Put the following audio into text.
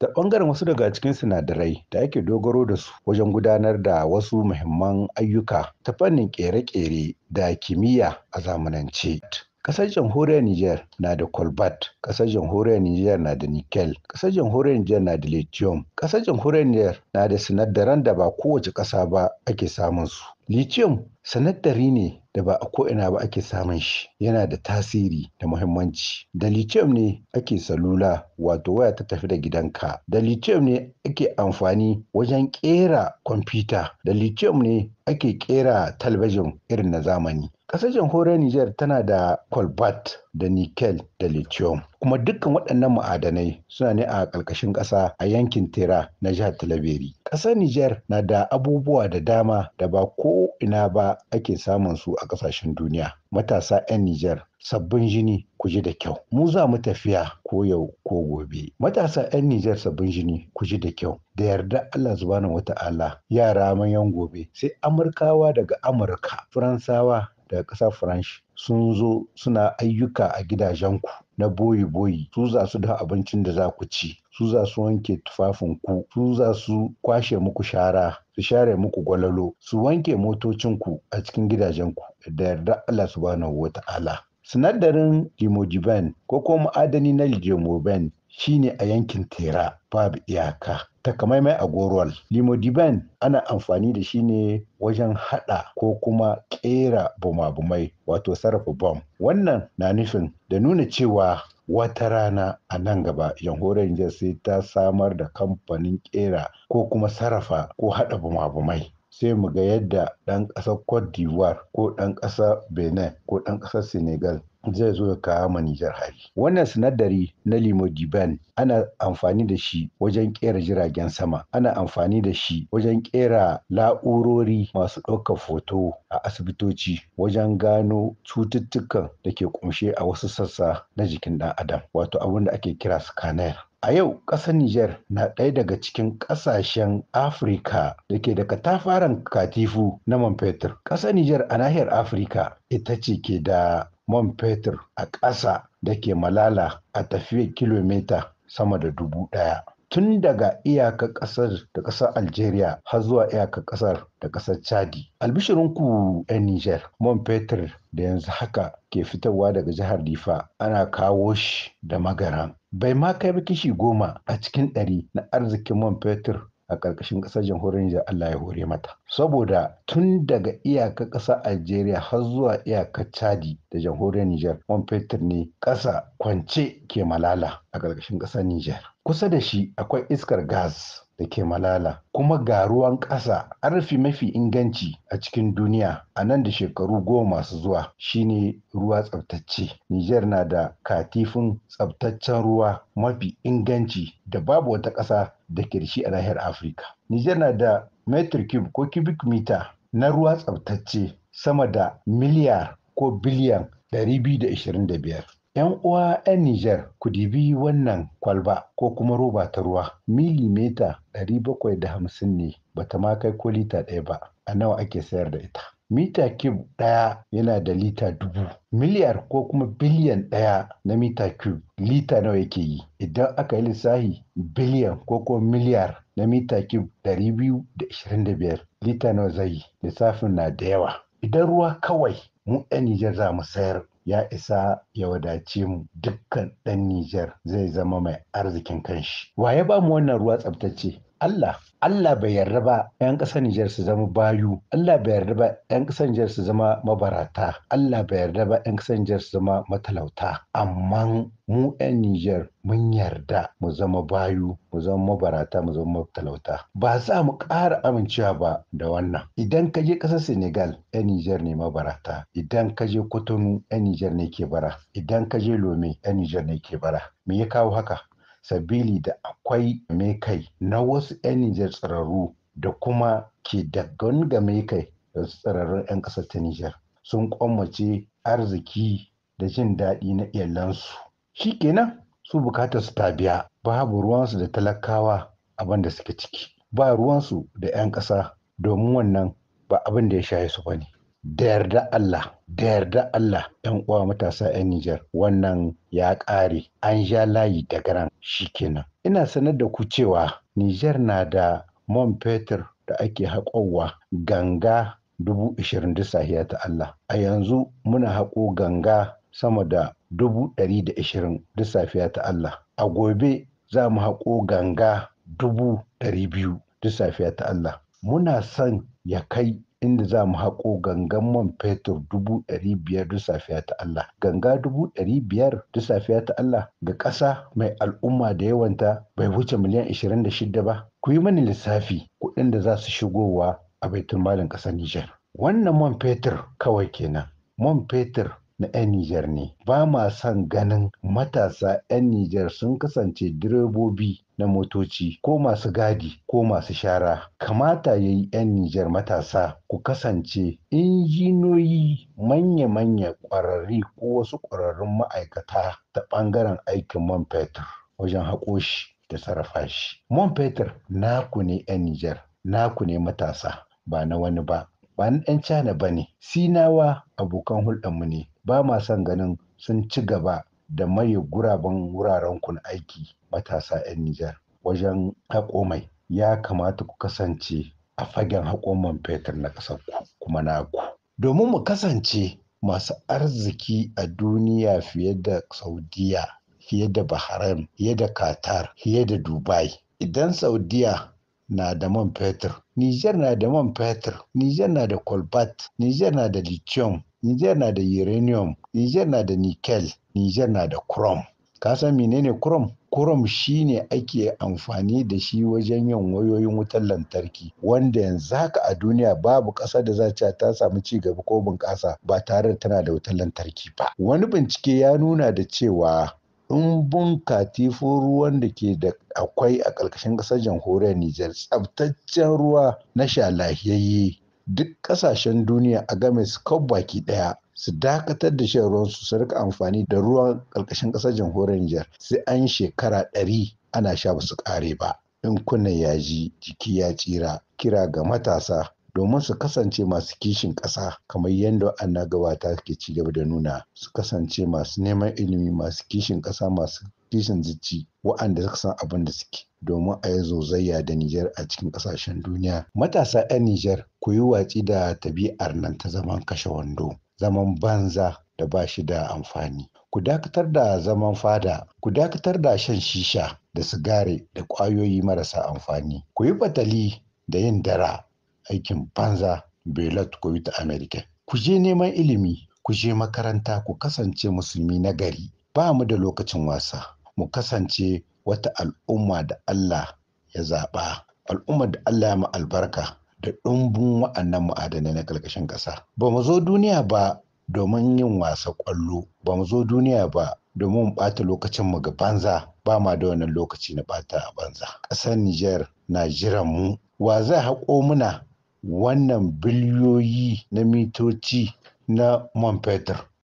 da ɓangaren wasu daga cikin sinadarai da ake dogaro da su wajen gudanar da wasu muhimman ayyuka ta fannin ƙere-ƙere da kimiyya a zamanance. Ƙasar jamhuriyar Niger na da Kolbat, ƙasar jamhuriyar Niger na da Nickel, ƙasar jamhuriyar Niger na da Lithium, ƙasar jamhuriyar Niger na da sinadaran da ba kowace ƙasa ba ake samun su. Lithium sanadari ne da ba a ko'ina ba ake samun shi, yana da tasiri da muhimmanci. Da lithium ne ake salula wato waya ta tafi da gidanka. Da lithium ne ake amfani wajen kera kwamfuta. Da lithium ne ake kera talabijin irin na zamani. Ƙasar jamhuriyar Nijar tana da kolbat da nikel da lithium. Kuma dukkan waɗannan ma'adanai suna ne a ƙarƙashin ƙasa a yankin Tera na jihar Talabiri. Ƙasar Nijar na da abubuwa da dama da ba ko ina ba ake samun su a ƙasashen duniya. Matasa 'yan Nijar sabbin jini ku ji da kyau. Mu za mu tafiya ko yau ko gobe. Matasa 'yan Nijar sabbin jini ku ji da kyau. Da yarda Allah wata wata'ala yara manyan gobe sai Amurkawa daga Amurka, Faransawa daga ƙasar Faransh sun zo suna ayyuka a gidajenku na boyi-boyi su za su da abincin da za ku ci su za su wanke tufafinku su za su kwashe muku shara su share muku gwalalo su wanke motocinku a cikin gidajenku da yarda Allah subhanahu ta'ala. sinadarin limojiban ko kuma ma'adani na limojiban shine a yankin tera babu iyaka takamaimai a goruwal. Limodiban ana amfani da shi ne wajen hada ko kuma kera bumabumai wato sarrafa bom. Wannan na nufin da nuna cewa wata rana a nan gaba jamhuriyar sai ta samar da kamfanin kera ko kuma sarrafa ko hada bumabumai. sai mu ga yadda ɗan ƙasar Cote d'Ivoire ko ɗan ƙasar Benin ko ɗan ƙasar Senegal zai zo ya kawo ma Nijar hari. Wannan sinadari na limodiban ana amfani da shi wajen ƙera jiragen sama, ana amfani da shi wajen ƙera la'urori masu ɗaukar foto a asibitoci wajen gano cututtukan da ke ƙunshe a wasu sassa na jikin ɗan adam, wato abin da ake kira scanner. A yau ƙasar Nijar na ɗaya daga cikin ƙasashen Afirka da ke da katafaren katifu na man fetur. Ƙasar Nijar a nahiyar Afirka ita ce ke da man fetur a ƙasa da ke malala a tafiyar kilomita sama da dubu ɗaya. tun daga iyaka ƙasar da ƙasar Algeria har zuwa iyaka ƙasar da ƙasar Chadi. Albishirinku 'yan Nijar, man fetur da yanzu haka ke fitarwa daga jihar Difa ana kawo shi da magaran bai ma kai ba kishi goma a cikin ɗari na arzikin man fetur a ƙarƙashin ƙasar jamhuriyar Nijar Allah ya hore mata. Saboda tun daga iyakar ƙasa Algeria har zuwa iyakar Chadi da jamhuriyar Nijar man fetur ne ƙasa kwance ke malala a ƙarƙashin ƙasar Nijar. Kusa da shi akwai iskar gas da ke malala kuma ga ruwan ƙasa arfi mafi inganci a cikin duniya a nan da shekaru goma masu zuwa shine ruwa tsabtacce Nijar na da katifin tsabtaccen ruwa mafi inganci da babu wata ƙasa da ke shi a nahiyar Afirka. Nijar na da metric cube ko cubic mita na ruwa tsabtacce sama da miliyar ko biliyan 225. ‘Yan uwa ‘yan Nijar, ku dibi wannan kwalba ko kuma roba ta ruwa, milimita 750 ne ba ta ma kai ko lita ɗaya ba, a nawa ake sayar da ita. mita cube ɗaya yana da lita dubu miliyar ko kuma biliyan ɗaya na mita cube lita nawa yake yi idan aka yi lissahi biliyan ko kuma miliyar na mita cube ɗari biyu da ishirin da biyar lita nawa zai yi lissafin na da yawa idan ruwa kawai mu 'yan Nijar za mu sayar ya isa ya wadace mu dukkan ɗan Nijar zai zama mai arzikin kanshi. Wa ya ba mu wannan ruwa tsabtacce? Allah Allah bai yarda ba 'yan ƙasar Nijar su zama bayu, Allah bai yarda ba 'yan ƙasar Nijar su zama mabarata, Allah bai yarda ba 'yan ƙasar Nijar su zama matalauta. Amma mu 'yan Nijar mun yarda mu zama bayu, mu zama mabarata, mu zama matalauta. Ba za mu ƙara amincewa ba da wannan. Idan ka je ƙasar Senegal, 'yan Nijar ne mabarata. Idan ka je Kotonu, 'yan Nijar ne ke bara. Idan ka je Lome, 'yan Nijar ne ke bara. Me ya kawo haka? sabili da akwai kai na wasu 'yan Nijar tsirarru da kuma ke da gangame kai da tsirarrun 'yan ƙasar ta Nijar sun kwamace arziki da jin daɗi na iyalansu. Shi kenan su bukatar su tabiya biya babu ruwansu da talakawa abin da suke ciki ba ruwansu da 'yan ƙasa domin wannan ba abin da ya shaye su ba ne. da yarda Allah da yarda Allah yan uwa matasa yan Nijar wannan ya ƙare an ja layi da garan kenan. ina sanar da ku cewa Nijar na da man fetur da ake haƙowa ganga dubu ishirin da sahiya ta Allah a yanzu muna haƙo ganga sama da dubu ɗari da ishirin da safiya ta Allah a gobe za mu haƙo ganga dubu ɗari biyu da safiya ta Allah muna son ya kai inda za mu haƙo gangan man fetur dubu ɗari biyar duk safiya ta Allah. Ganga dubu ɗari biyar duk safiya ta Allah ga ƙasa mai al'umma da yawanta bai wuce miliyan ishirin da shida ba. Ku yi mani lissafi kuɗin da za su shigowa a baitul malin ƙasar Nijar. Wannan man fetur kawai kenan. Man fetur na 'yan Nijar ne. Ba ma son ganin matasa 'yan Nijar sun kasance direbobi na motoci ko masu gadi ko masu shara kamata ya yi 'yan Nijar matasa ku kasance injiniyoyi manya-manya ƙwararri ko wasu ƙwararrun ma'aikata ta ɓangaren aikin man fetur wajen haƙo shi da sarrafa shi. Man fetur naku ne 'yan Nijar, naku ne matasa ba na wani ba, ba na 'yan Cana ba ne. Sinawa abokan hulɗarmu ne, ba ma son ganin sun ci gaba da maye guraben wuraren na aiki matasa 'yan Nijar wajen haƙo mai ya kamata ku kasance a fagen haƙo man fetur na ƙasar ku kuma naku. Domin mu kasance masu arziki a duniya fiye da Saudiya, fiye da Bahrain, fiye da Qatar, fiye da Dubai. Idan Saudiya na da man fetur, Nijar na da man fetur, Nijar na da kolbat, Nijar na da lithium, Nijar na da uranium, Nijar na da nickel, Nijar na da chrome. Ka san menene chrome? kurum shi ne ake amfani da shi wajen yin wayoyin wutar lantarki wanda yanzu haka a duniya babu ƙasa da za ce ta samu ci gaba ko bunƙasa ba tare da tana da wutar lantarki ba wani bincike ya nuna da cewa in ɗumbun katifun ruwan da ke da akwai a ƙarƙashin ƙasar jamhuriyar Nijar tsabtaccen ruwa na sha lahiyayye duk ƙasashen duniya a game su kawo baki ɗaya su dakatar da shan ruwan su rika amfani da ruwan ƙarƙashin ƙasar jamhuriyar Nijar sai an shekara ɗari ana sha ba su ƙare ba. In kunnen ya ji jiki ya tsira kira ga matasa domin su kasance masu kishin ƙasa kamar yadda ana gabata ke ci gaba da nuna su kasance masu neman ilimi masu kishin ƙasa masu kishin zici waɗanda suka san abin da suke domin a yi zozayya da Nijar a cikin ƙasashen duniya. Matasa 'yan Nijar ku yi watsi da tabi'ar nan ta zaman kashe wando, zaman banza da ba shi da amfani. Ku dakatar da zaman fada, ku dakatar da shan shisha da sigari da ƙwayoyi marasa amfani. Ku yi batali da yin dara aikin banza Belat ku yi ta Amerika. Ku je neman ilimi, ku je makaranta, ku kasance musulmi na gari. Ba mu da lokacin wasa. mu kasance wata al'umma da Allah ya zaɓa al'umma da Allah ya ma albarka da ɗumbin wa'annan ma'adanai na ƙarƙashin ƙasa ba mu zo duniya ba domin yin wasa ƙwallo ba mu zo duniya ba domin mu ɓata lokacin mu ga banza ba ma da wannan lokaci na ɓata a banza ƙasar Nijar na jiran mu wa zai haƙo muna wannan biliyoyi na mitoci na man fetur